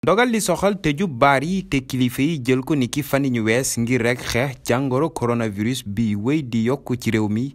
ndogal di soxal tëju baar yi te kilifa yi jël ko niki fan yi ñu wees ngir rek xeex jàngoro coronavirus bi wéy di yokk ci réew mi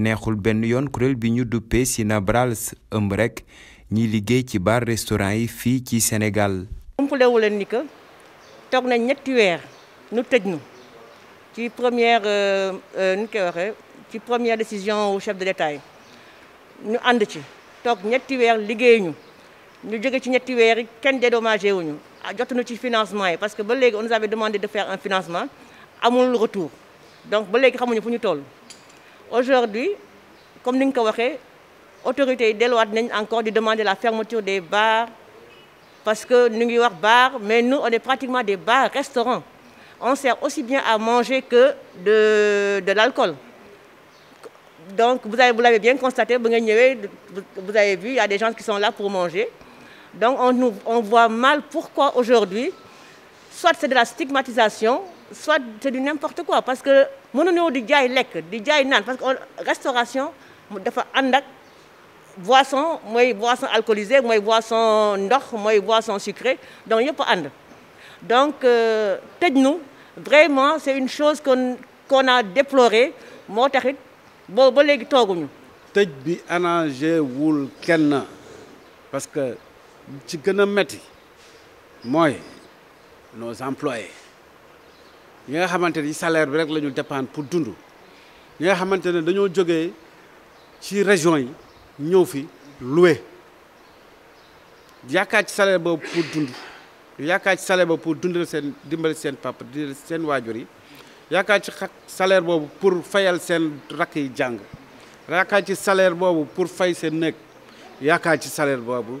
neexul benn yoon kuréel bi ñu duppee Sinabrals ëmb rek ñiy liggéey ci baar restaurant yi fii ci senegal umpalewu leen ni que toog na ñetti weer nu tëj nu ci première euh, euh, nu koy waxee ci première décision au chef de l'État yi ñu ànd ci toog ñetti weer liggéey ñu Nous dédommagé ah, financement parce que nous avait demandé de faire un financement mon retour donc aujourd'hui comme nous l'avons fait, l'autorité des lois encore demandé demander la fermeture des bars parce que nous ngi wax bars, mais nous on est pratiquement des bars restaurants on sert aussi bien à manger que de l'alcool donc vous avez l'avez bien constaté vous avez vu il y a des gens qui sont là pour manger donc on, on voit mal pourquoi aujourd'hui, soit c'est de la stigmatisation, soit c'est du n'importe quoi. Parce que mënuñoo di jaay lek, di jaay nan. parce que restauration dafa andak boissons boisson mooy boisson alcoolisée mooy boisson sucrées. Donc boisson sucrée donc pas ànd donc euh, tëj nous, vraiment c'est une chose qu'on qu'on a déploré moo taxit ba ba léegi tooguñu tëj bi arrangé wul kenn parce que ci gëna metti moy nos employés ñi nga xamanteni salaire bi rek lañu ñu dépendre pour dundu ñi nga xamanteni dañu joggé ci région yi ñëw fi loué yaakaar ci salaire boobu pour dundu yaakaar ci salaire boobu pour dundal sen dimbal sen papa di sen wajuri yi ci salaire bobu pour fayal sen rak yi jang yaakaar ci salaire bobu pour fay sen nek yaakaar ci salaire bobu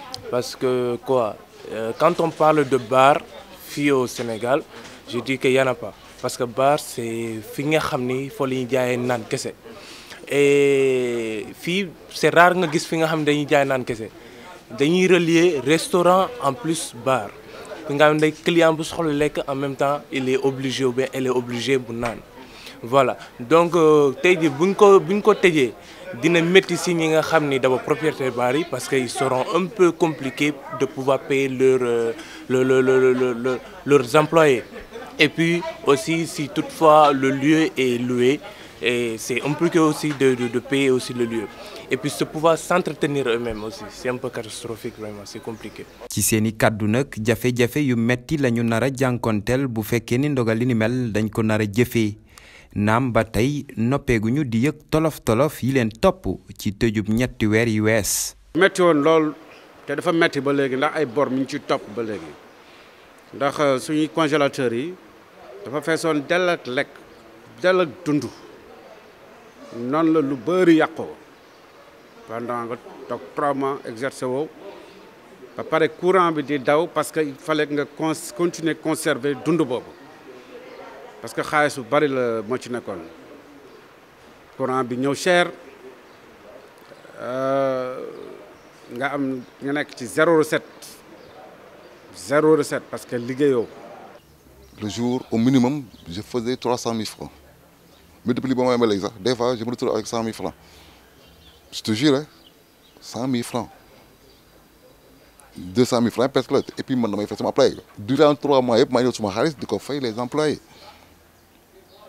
Parce que quoi euh, Quand on parle de bar fille au Sénégal, je dis qu'il n'y en a pas. Parce que bar, c'est fi nga xam ni foo la ñuy jaayee naan Et fille, c'est rare nga gis fi nga xam ne dañuy jaay naan kese dañuy relier restaurant en plus bar. Quand nga xam client bu soxla en même temps il est obligé ou bien elle est obligée bu nan voilà donc si euh, jii bu ñu ko bu ñu ko tëjee dina métti si ñi parce qu'ils seront un peu compliqués de pouvoir payer leur euh, le le le leurs employés et puis aussi si toutefois le lieu est loué et c'est compliqué aussi de, de, payer aussi le lieu. Et puis se pouvoir s'entretenir eux-mêmes aussi, c'est un peu catastrophique vraiment, c'est compliqué. ci seeni kàddu nag il jafe yu metti lañu nar a jànkonteel bu fekkee ni ndogal li ni mel dañ ko naam ba tey noppeeguñu di yëg tolof-tolof yi leen topp ci tëjub ñetti weer yi wees metti woon lool te dafa metti ba léegi ndax ay bor mi ngi ci topp ba léegi ndax euh, suñu congélateur yi dafa feesoon dell ak lekk dell ak dund noonu la lu bëri yàqoo pendant nga toog trois mois exercé woo ba pare courant bi di daw parce que il fallait nga continuer conserver dund boobu parce que les de ne sont pas Le courant est venu cher. Il y a 0 recette. 0 recette parce que les gens Le jour, au minimum, je faisais 300 000 francs. Mais depuis que je me suis des fois, je me retrouve avec 100 000 francs. Je te jure, 100 hein, 000 francs. 200 000 francs, parce que Et puis maintenant, je fais ma plaie. Durant trois mois, je me suis dit que je les employés.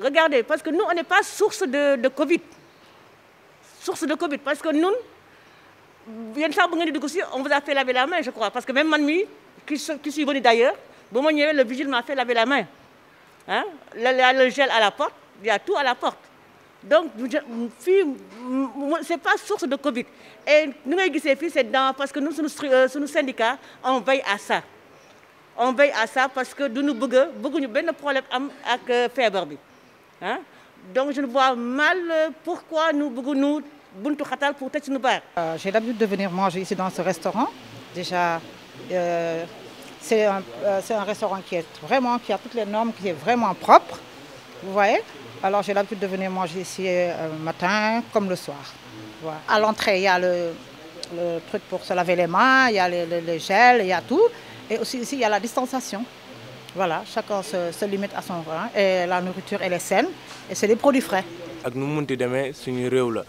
Regardez, parce que nous, on n'est pas source de, Covid. Source de Covid, parce que nous, on vous a fait laver la main, je crois. Parce que même Manmi, qui, qui suis venu d'ailleurs, le vigile m'a fait laver la main. Hein? Le, gel à la porte, il y a tout à la porte. Donc, ce n'est pas source de Covid. Et nous, c'est parce que nous, sommes euh, syndicats, on veille à ça. On veille à ça parce que nous, nous, nous, beaucoup de problèmes avec euh, faire Hein? Donc je ne vois mal euh, pourquoi nous nous buntu khatal pour bar. Euh, j'ai l'habitude de venir manger ici dans ce restaurant. Déjà, euh, c'est un, restaurant qui vraiment, qui a toutes les normes, qui est vraiment propre. Vous voyez Alors j'ai l'habitude de venir manger ici le matin comme le soir. Voilà. À l'entrée, il y a le, truc pour se laver les mains, il y a le, gel, il y a tout. Et aussi ici, il y a la distanciation. Voilà, chacun se, limite à son rang et la nourriture est saine et c'est des produits frais. Nous, nous nous munti demee suñu réew la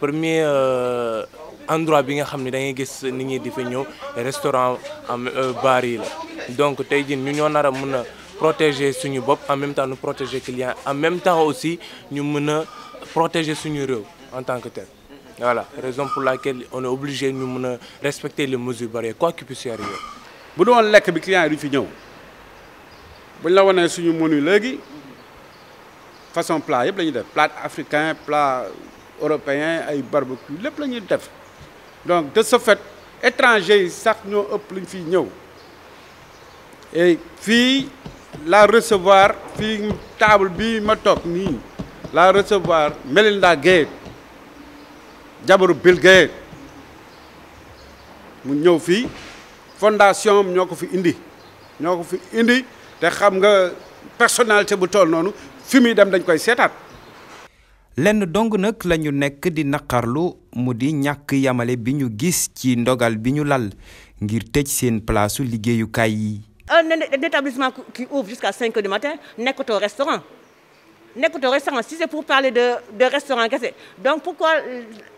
premier euh, endroit où nga avons da ngay qui nit restaurant euh, baril. donc nous, avons protéger suñu clients en même temps nous protéger clients. en même temps aussi nous mun protéger suñu en tant que tel voilà raison pour laquelle on est obligé de respecter les mesures barrières quoi qu'il puisse arriver bu doon lekk bi client bu là, la a suñu menu légui. façon plat y a plein def plat africain plat européen ay barbecue lépp la ñuy def donc de ce fait étranger yi sax ñoo ëpp lu ñu ñëw et puis, la recevoir fii table bi ma toog la recevoir Melinda Gates jabaru Bill Gates mu ñëw fii fondation am ñoo fi indi ñoo ko fi indi te xam nga personnalité bu toll noonu fi muy dem dañ koy seetaat. lenn dong nak lañu ñu nekk di nakarlu mudi ñak yamale gis ci ndogal biñu lal ngir tëj seen palaasu liggéeyukaay yi. Euh, un établissement qui ouvre jusqu'à 5 heures du matin nekkatoo restaurant nekkatoo restaurant si c'est pour parler de de restaurant kese donc pourquoi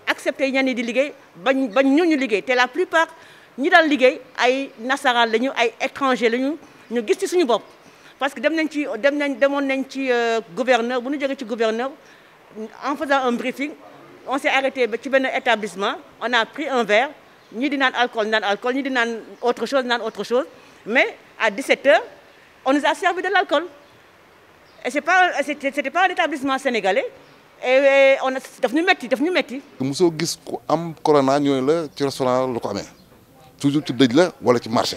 accepter ñani di liggéey bañ bañ ñu ñu liggéey la plupart ñi dal liggéey ay nasaraan lañu ay étranger lañu ñu gis ci suñu bop parce que dem nañ ci dem nañ nañ ci euh, gouverneur bu ñu ci gouverneur en faisant un briefing on s'est arrêté ci un établissement on a pris un verre ñi di l'alcool, alcool naan alcool ñi di naan autre chose autre chose mais à 17 h on nous a servi de l'alcool et c'est pas c'était pas un établissement sénégalais et on a daf ñu metti daf ñu metti avons gis ku am corona ñoy la ci restaurant lu ko amé toujours ci dëj la wala ci marché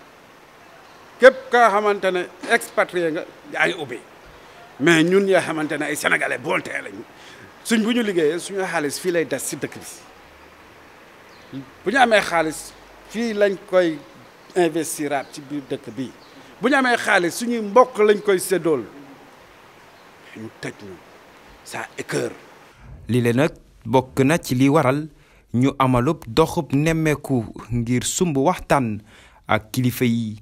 képp kaa xamante ne expatrié nga yaa ubbi mais ñun yaa xamante ne ay sénégalais booltee lañu suñ bu ñu liggéeyee suñu xaalis fii lay des si dëkk bi amee xaalis fii lañ koy investiraat ci biir dëkk bi bu ñu amee xaalis suñuy mbokk lañ koy séddool ñu tëj ñu ça écœure lii le nag bokk na ci li waral ñu amalub doxub nemmeeku ngir sumb waxtaan ak kilifa yi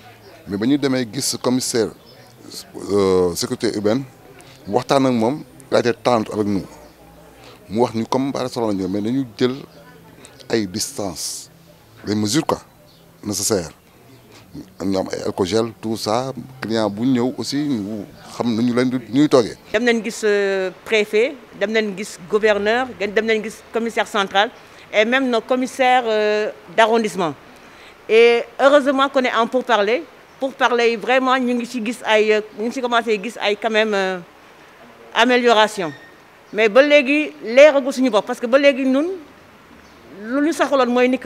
mais quand ñu demee gis commissaire euh, sécurité urbaine waxtaan ak mom il a tendre avec nous mu wax ni comme par restaurant nous mais dañu jël ay distance les mesures quoi nécessaires ñu ay alcogel tout ça client bu ñëw aussi nous xam nañu leen di ñuy toogee. dem nañ gis euh, préfet dem nañ gis gouverneur dem nañ gis commissaire central et même nos commissaires euh, d'arrondissement et heureusement qu'on est en parler pour parler vraiment nous ngi ci gis ay commencé gis ay quand même euh, amélioration mais ba légui leeragul suñu bopp parce que ba légui ñun lu ñu saxaloon mooy ni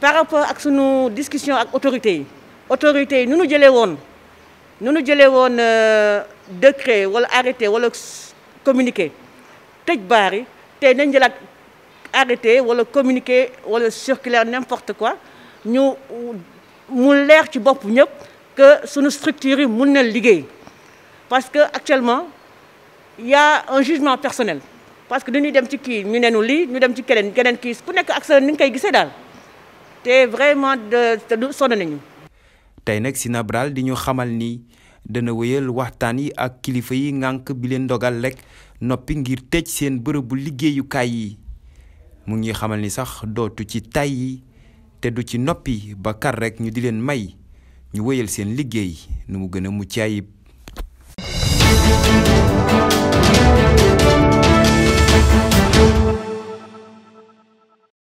par rapport ak suñu discussion ak autorités autorité, autorités nous nu ñu nous nous nu ñu jëlee communiqués. Euh, décret wala arrêté wala communiqué tej bari té nañ arrêté wala communiqué wala circulaire n'importe quoi Nous mu leer ci bopp que suñu structure yi mun parce que actuellement il y a un jugement personnel parce que dañuy dem ci kii ñu neenu nous ñu dem ci keneen keneen kii ku nekk ak sa ni nga koy gisee daal te vraiment de sonn nañu. tey nag Sinabral di ñu xamal ni dana wéyal waxtaan yi ak kilifa yi ngànk bi leen dogal lek noppi ngir tëj seen bërëbu liggéeyukaay yi mu ngi xamal ni sax dootu ci tay yi te du ci noppi ba kar rek ñu di leen may ñu wéyal seen liggéey nu mu gën a mucc ayib Thank you.